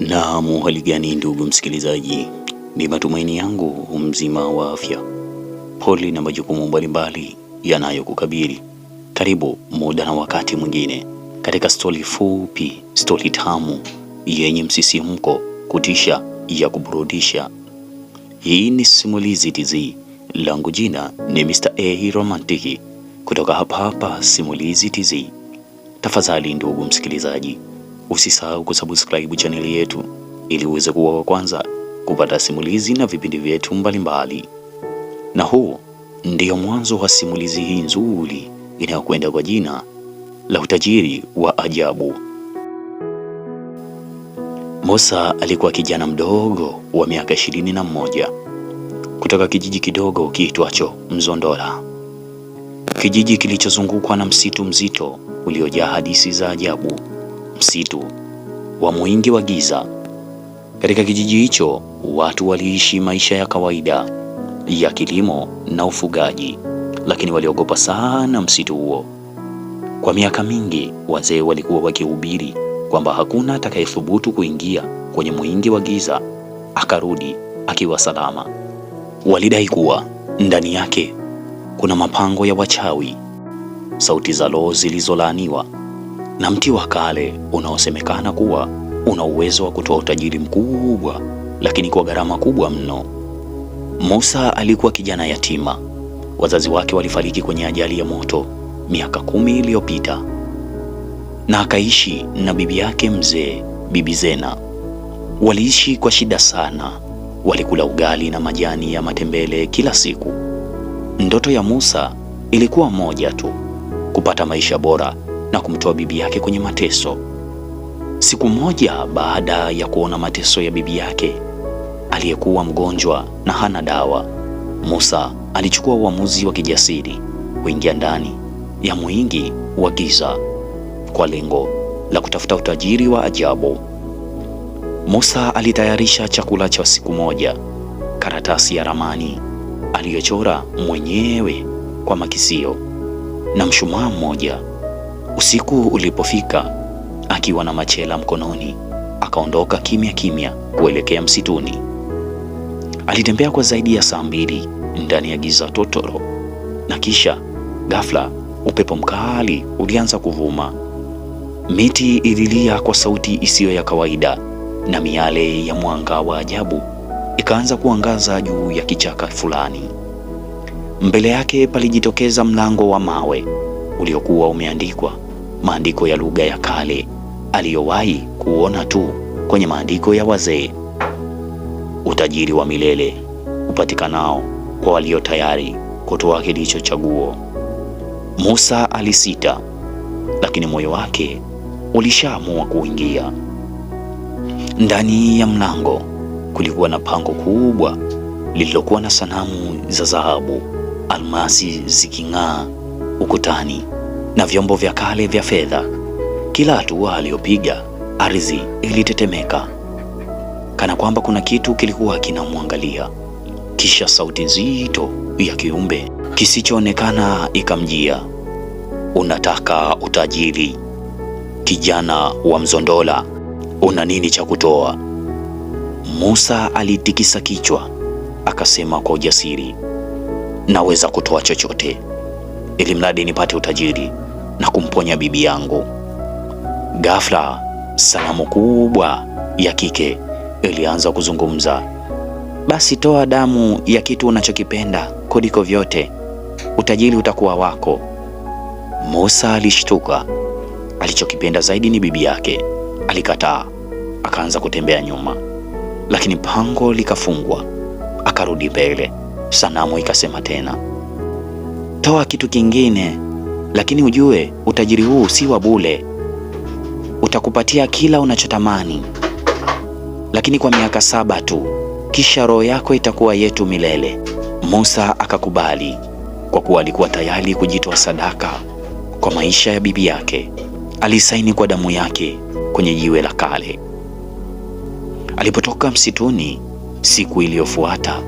Na muhali gani, ndugu msikilizaji, ni matumaini yangu mzima wa afya, pole na majukumu mbalimbali yanayokukabili. Karibu muda na wakati mwingine katika stori fupi, stori tamu yenye msisimko, kutisha, ya kuburudisha. Hii ni Simulizi Tz, langu jina ni Mr. A Romantiki kutoka hapa hapa Simulizi Tz. Tafadhali ndugu msikilizaji Usisahau kusubscribe chaneli yetu ili uweze kuwa wa kwanza kupata simulizi na vipindi vyetu mbalimbali. Na huu ndiyo mwanzo wa simulizi hii nzuri inayokwenda kwa jina la Utajiri wa Ajabu. Musa alikuwa kijana mdogo wa miaka ishirini na mmoja kutoka kijiji kidogo kiitwacho Mzondola, kijiji kilichozungukwa na msitu mzito uliojaa hadithi za ajabu msitu wa mwingi wa giza. Katika kijiji hicho watu waliishi maisha ya kawaida ya kilimo na ufugaji, lakini waliogopa sana msitu huo. Kwa miaka mingi wazee walikuwa wakihubiri kwamba hakuna atakayethubutu kuingia kwenye mwingi wa giza akarudi akiwa salama. Walidai kuwa ndani yake kuna mapango ya wachawi, sauti za roho zilizolaaniwa na mti wa kale unaosemekana kuwa una uwezo wa kutoa utajiri mkubwa, lakini kwa gharama kubwa mno. Musa alikuwa kijana yatima. Wazazi wake walifariki kwenye ajali ya moto miaka kumi iliyopita, na akaishi na bibi yake mzee, Bibi Zena. Waliishi kwa shida sana, walikula ugali na majani ya matembele kila siku. Ndoto ya Musa ilikuwa moja tu, kupata maisha bora na kumtoa bibi yake kwenye mateso. Siku moja baada ya kuona mateso ya bibi yake aliyekuwa mgonjwa na hana dawa, Musa alichukua uamuzi wa kijasiri kuingia ndani ya mwingi wa giza kwa lengo la kutafuta utajiri wa ajabu. Musa alitayarisha chakula cha siku moja, karatasi ya ramani aliyochora mwenyewe kwa makisio na mshumaa mmoja. Usiku ulipofika, akiwa na machela mkononi, akaondoka kimya kimya kuelekea msituni. Alitembea kwa zaidi ya saa mbili ndani ya giza totoro, na kisha ghafla upepo mkali ulianza kuvuma. Miti ililia kwa sauti isiyo ya kawaida, na miale ya mwanga wa ajabu ikaanza kuangaza juu ya kichaka fulani. Mbele yake palijitokeza mlango wa mawe uliokuwa umeandikwa maandiko ya lugha ya kale aliyowahi kuona tu kwenye maandiko ya wazee. Utajiri wa milele upatikanao kwa walio tayari kutoa kilicho chaguo. Musa alisita, lakini moyo wake ulishaamua kuingia. Ndani ya mlango kulikuwa na pango kubwa lililokuwa na sanamu za dhahabu, almasi ziking'aa ukutani na vyombo vya kale vya fedha. Kila hatua aliyopiga ardhi ilitetemeka, kana kwamba kuna kitu kilikuwa kinamwangalia. Kisha sauti nzito ya kiumbe kisichoonekana ikamjia, unataka utajiri, kijana wa Mzondola? Una nini cha kutoa? Musa alitikisa kichwa akasema kwa ujasiri, naweza kutoa chochote ili mradi nipate utajiri na kumponya bibi yangu. Ghafla salamu kubwa ya kike ilianza kuzungumza, basi toa damu ya kitu unachokipenda kuliko vyote, utajiri utakuwa wako. Musa alishtuka, alichokipenda zaidi ni bibi yake. Alikataa, akaanza kutembea nyuma, lakini pango likafungwa. Akarudi mbele, sanamu ikasema tena, toa kitu kingine lakini ujue utajiri huu si wa bule utakupatia kila unachotamani, lakini kwa miaka saba tu, kisha roho yako itakuwa yetu milele. Musa akakubali kwa kuwa alikuwa tayari kujitoa sadaka kwa maisha ya bibi yake. Alisaini kwa damu yake kwenye jiwe la kale. Alipotoka msituni siku iliyofuata,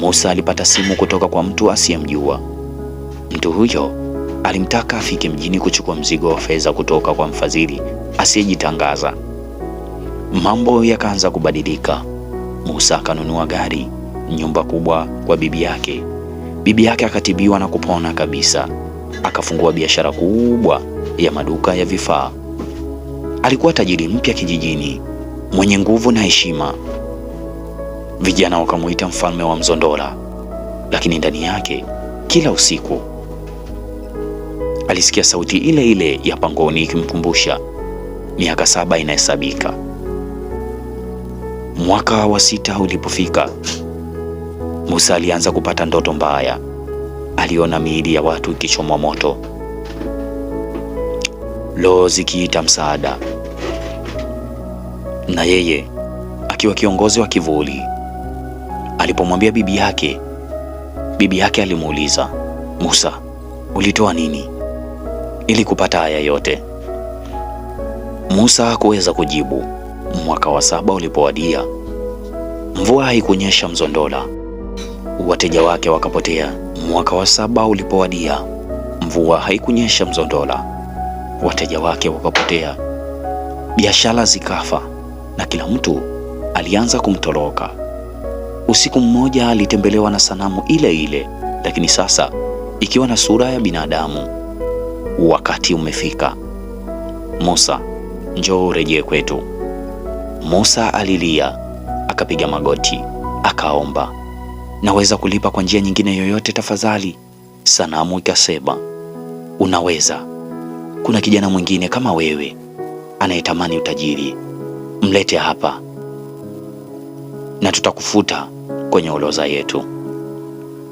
Musa alipata simu kutoka kwa mtu asiyemjua. Mtu huyo alimtaka afike mjini kuchukua mzigo wa fedha kutoka kwa mfadhili asiyejitangaza. Mambo yakaanza kubadilika. Musa akanunua gari, nyumba kubwa kwa bibi yake. Bibi yake akatibiwa na kupona kabisa, akafungua biashara kubwa ya maduka ya vifaa. Alikuwa tajiri mpya kijijini, mwenye nguvu na heshima. Vijana wakamuita mfalme wa Mzondola, lakini ndani yake kila usiku alisikia sauti ile ile ya pangoni ikimkumbusha miaka saba inahesabika. Mwaka wa sita ulipofika, Musa alianza kupata ndoto mbaya. Aliona miili ya watu ikichomwa moto, loo zikiita msaada, na yeye akiwa kiongozi wa kivuli. Alipomwambia bibi yake, bibi yake alimuuliza Musa, ulitoa nini? ili kupata haya yote? Musa hakuweza kujibu. Mwaka wa saba ulipowadia, mvua haikunyesha Mzondola, wateja wake wakapotea. Mwaka wa saba ulipowadia, mvua haikunyesha Mzondola, wateja wake wakapotea, biashara zikafa na kila mtu alianza kumtoroka. Usiku mmoja alitembelewa na sanamu ile ile, lakini sasa ikiwa na sura ya binadamu wakati umefika, Musa, njoo urejee kwetu. Musa alilia, akapiga magoti, akaomba, naweza kulipa kwa njia nyingine yoyote tafadhali? Sanamu ikasema, unaweza. Kuna kijana mwingine kama wewe anayetamani utajiri, mlete hapa na tutakufuta kwenye oloza yetu.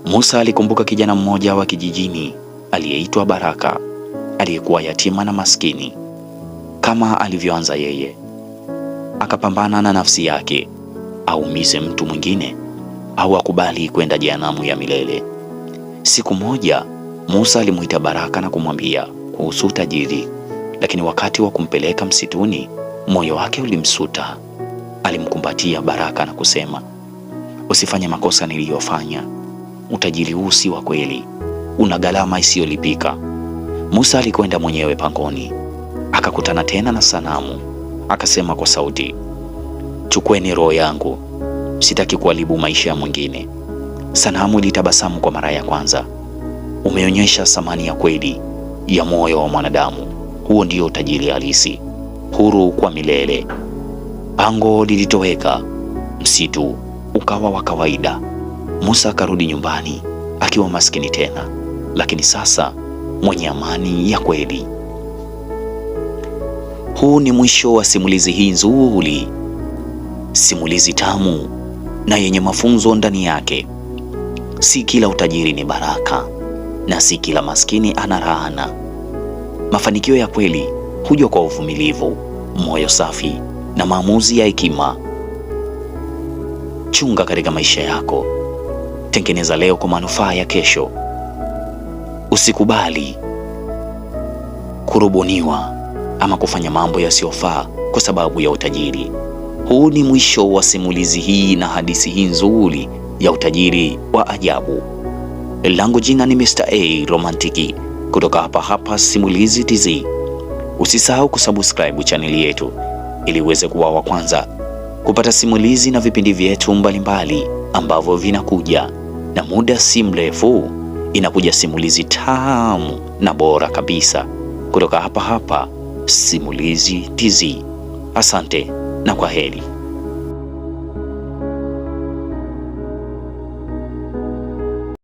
Musa alikumbuka kijana mmoja wa kijijini aliyeitwa Baraka aliyekuwa yatima na maskini kama alivyoanza yeye, akapambana na nafsi yake aumize mtu mwingine au akubali kwenda jehanamu ya milele. Siku moja Musa alimuita Baraka na kumwambia kuhusu utajiri, lakini wakati wa kumpeleka msituni moyo wake ulimsuta. Alimkumbatia Baraka na kusema, usifanye makosa niliyofanya. Utajiri huu si wa kweli, una gharama isiyolipika. Musa alikwenda mwenyewe pangoni, akakutana tena na sanamu. Akasema kwa sauti, chukweni roho yangu, sitaki kuharibu maisha ya mwingine. Sanamu ilitabasamu kwa mara ya kwanza. Umeonyesha thamani ya kweli ya moyo wa mwanadamu. Huo ndio utajiri halisi, huru kwa milele. Pango lilitoweka, msitu ukawa wa kawaida. Musa akarudi nyumbani akiwa maskini tena, lakini sasa mwenye amani ya kweli. Huu ni mwisho wa simulizi hii nzuri, simulizi tamu na yenye mafunzo ndani yake. Si kila utajiri ni baraka na si kila maskini ana laana. Mafanikio ya kweli huja kwa uvumilivu, moyo safi na maamuzi ya hekima. Chunga katika maisha yako, tengeneza leo kwa manufaa ya kesho. Usikubali kurubuniwa ama kufanya mambo yasiyofaa kwa sababu ya utajiri. Huu ni mwisho wa simulizi hii na hadithi hii nzuri ya utajiri wa ajabu. Langu jina ni Mr. A Romantiki kutoka hapa hapa Simulizi Tz. Usisahau kusubscribe chaneli yetu ili uweze kuwa wa kwanza kupata simulizi na vipindi vyetu mbalimbali ambavyo vinakuja na muda si mrefu inakuja simulizi tamu na bora kabisa kutoka hapa hapa Simulizi Tz. Asante na kwa heri.